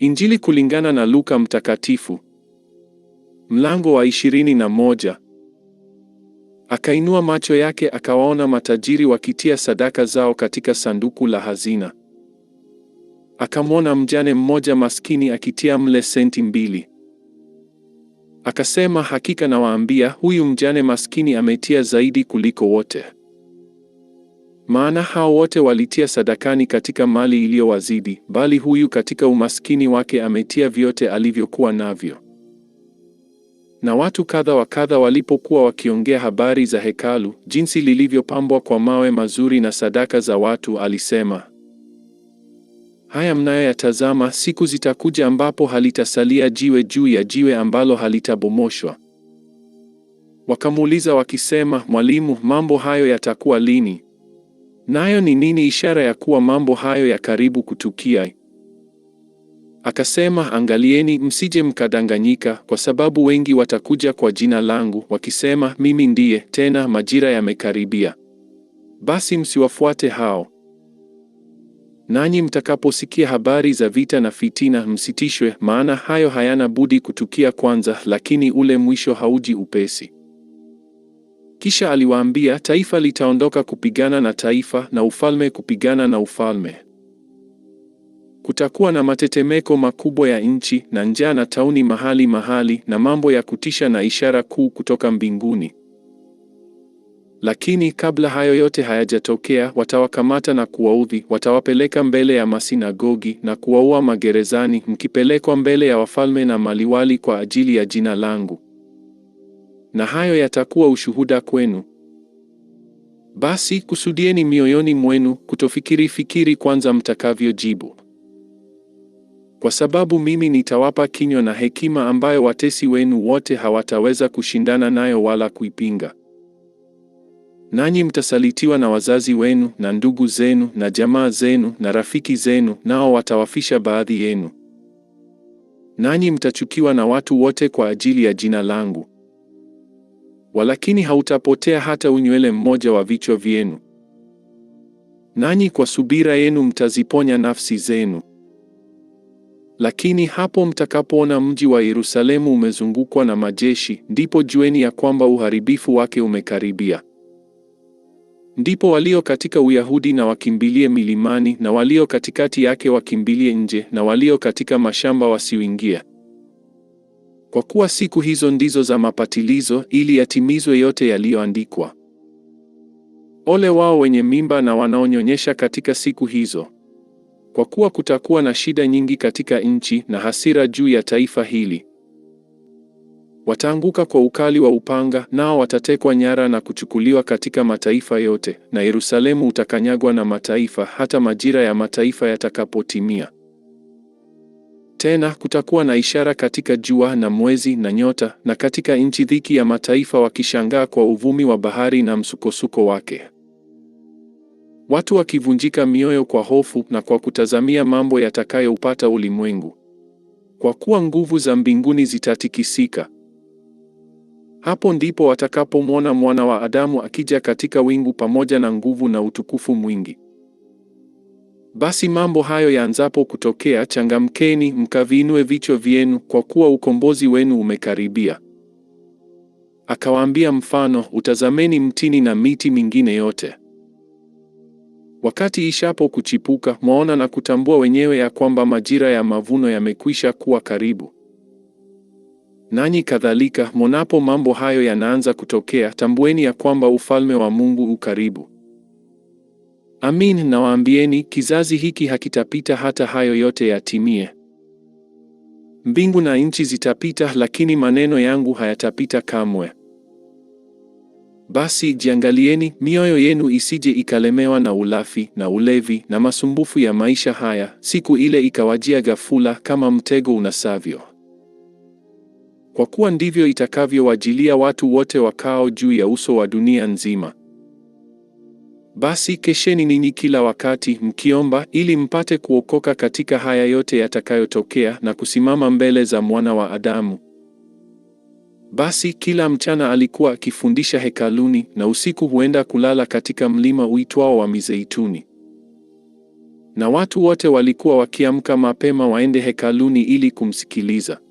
Injili kulingana na Luka Mtakatifu, mlango wa ishirini na moja. Akainua macho yake akawaona matajiri wakitia sadaka zao katika sanduku la hazina. Akamwona mjane mmoja maskini akitia mle senti mbili. Akasema, hakika nawaambia, huyu mjane maskini ametia zaidi kuliko wote. Maana hao wote walitia sadakani katika mali iliyowazidi, bali huyu katika umaskini wake ametia vyote alivyokuwa navyo. Na watu kadha wa kadha walipokuwa wakiongea habari za hekalu, jinsi lilivyopambwa kwa mawe mazuri na sadaka za watu, alisema, haya mnayoyatazama, siku zitakuja ambapo halitasalia jiwe juu ya jiwe ambalo halitabomoshwa. Wakamuuliza wakisema, Mwalimu, mambo hayo yatakuwa lini? Nayo ni nini ishara ya kuwa mambo hayo ya karibu kutukia? Akasema, angalieni msije mkadanganyika, kwa sababu wengi watakuja kwa jina langu wakisema, mimi ndiye; tena majira yamekaribia. Basi msiwafuate hao. Nanyi mtakaposikia habari za vita na fitina, msitishwe; maana hayo hayana budi kutukia kwanza, lakini ule mwisho hauji upesi. Kisha aliwaambia, taifa litaondoka kupigana na taifa na ufalme kupigana na ufalme. Kutakuwa na matetemeko makubwa ya nchi na njaa na tauni mahali mahali, na mambo ya kutisha na ishara kuu kutoka mbinguni. Lakini kabla hayo yote hayajatokea, watawakamata na kuwaudhi, watawapeleka mbele ya masinagogi na kuwaua magerezani, mkipelekwa mbele ya wafalme na maliwali kwa ajili ya jina langu na hayo yatakuwa ushuhuda kwenu. Basi kusudieni mioyoni mwenu kutofikiri fikiri kwanza mtakavyojibu, kwa sababu mimi nitawapa kinywa na hekima ambayo watesi wenu wote hawataweza kushindana nayo wala kuipinga. Nanyi mtasalitiwa na wazazi wenu na ndugu zenu na jamaa zenu na rafiki zenu, nao watawafisha baadhi yenu. Nanyi mtachukiwa na watu wote kwa ajili ya jina langu walakini hautapotea hata unywele mmoja wa vichwa vyenu. Nanyi kwa subira yenu mtaziponya nafsi zenu. Lakini hapo mtakapoona mji wa Yerusalemu umezungukwa na majeshi, ndipo jueni ya kwamba uharibifu wake umekaribia. Ndipo walio katika Uyahudi na wakimbilie milimani, na walio katikati yake wakimbilie nje, na walio katika mashamba wasiuingie. Kwa kuwa siku hizo ndizo za mapatilizo, ili yatimizwe yote yaliyoandikwa. Ole wao wenye mimba na wanaonyonyesha katika siku hizo, kwa kuwa kutakuwa na shida nyingi katika nchi na hasira juu ya taifa hili. Wataanguka kwa ukali wa upanga, nao watatekwa nyara na kuchukuliwa katika mataifa yote, na Yerusalemu utakanyagwa na mataifa, hata majira ya mataifa yatakapotimia. Tena kutakuwa na ishara katika jua na mwezi na nyota, na katika nchi dhiki ya mataifa wakishangaa kwa uvumi wa bahari na msukosuko wake, watu wakivunjika mioyo kwa hofu na kwa kutazamia mambo yatakayoupata ulimwengu, kwa kuwa nguvu za mbinguni zitatikisika. Hapo ndipo watakapomwona Mwana wa Adamu akija katika wingu pamoja na nguvu na utukufu mwingi. Basi mambo hayo yaanzapo kutokea, changamkeni mkaviinue vichwa vyenu, kwa kuwa ukombozi wenu umekaribia. Akawaambia mfano, utazameni mtini na miti mingine yote. Wakati ishapo kuchipuka, mwaona na kutambua wenyewe ya kwamba majira ya mavuno yamekwisha kuwa karibu. Nanyi kadhalika, mwonapo mambo hayo yanaanza kutokea, tambueni ya kwamba ufalme wa Mungu ukaribu. Amin nawaambieni, kizazi hiki hakitapita hata hayo yote yatimie. Mbingu na nchi zitapita, lakini maneno yangu hayatapita kamwe. Basi jiangalieni mioyo yenu isije ikalemewa na ulafi na ulevi na masumbufu ya maisha haya, siku ile ikawajia ghafula, kama mtego unasavyo. Kwa kuwa ndivyo itakavyowajilia watu wote wakao juu ya uso wa dunia nzima. Basi kesheni ninyi kila wakati mkiomba, ili mpate kuokoka katika haya yote yatakayotokea na kusimama mbele za Mwana wa Adamu. Basi kila mchana alikuwa akifundisha hekaluni, na usiku huenda kulala katika mlima uitwao wa Mizeituni. Na watu wote walikuwa wakiamka mapema waende hekaluni ili kumsikiliza.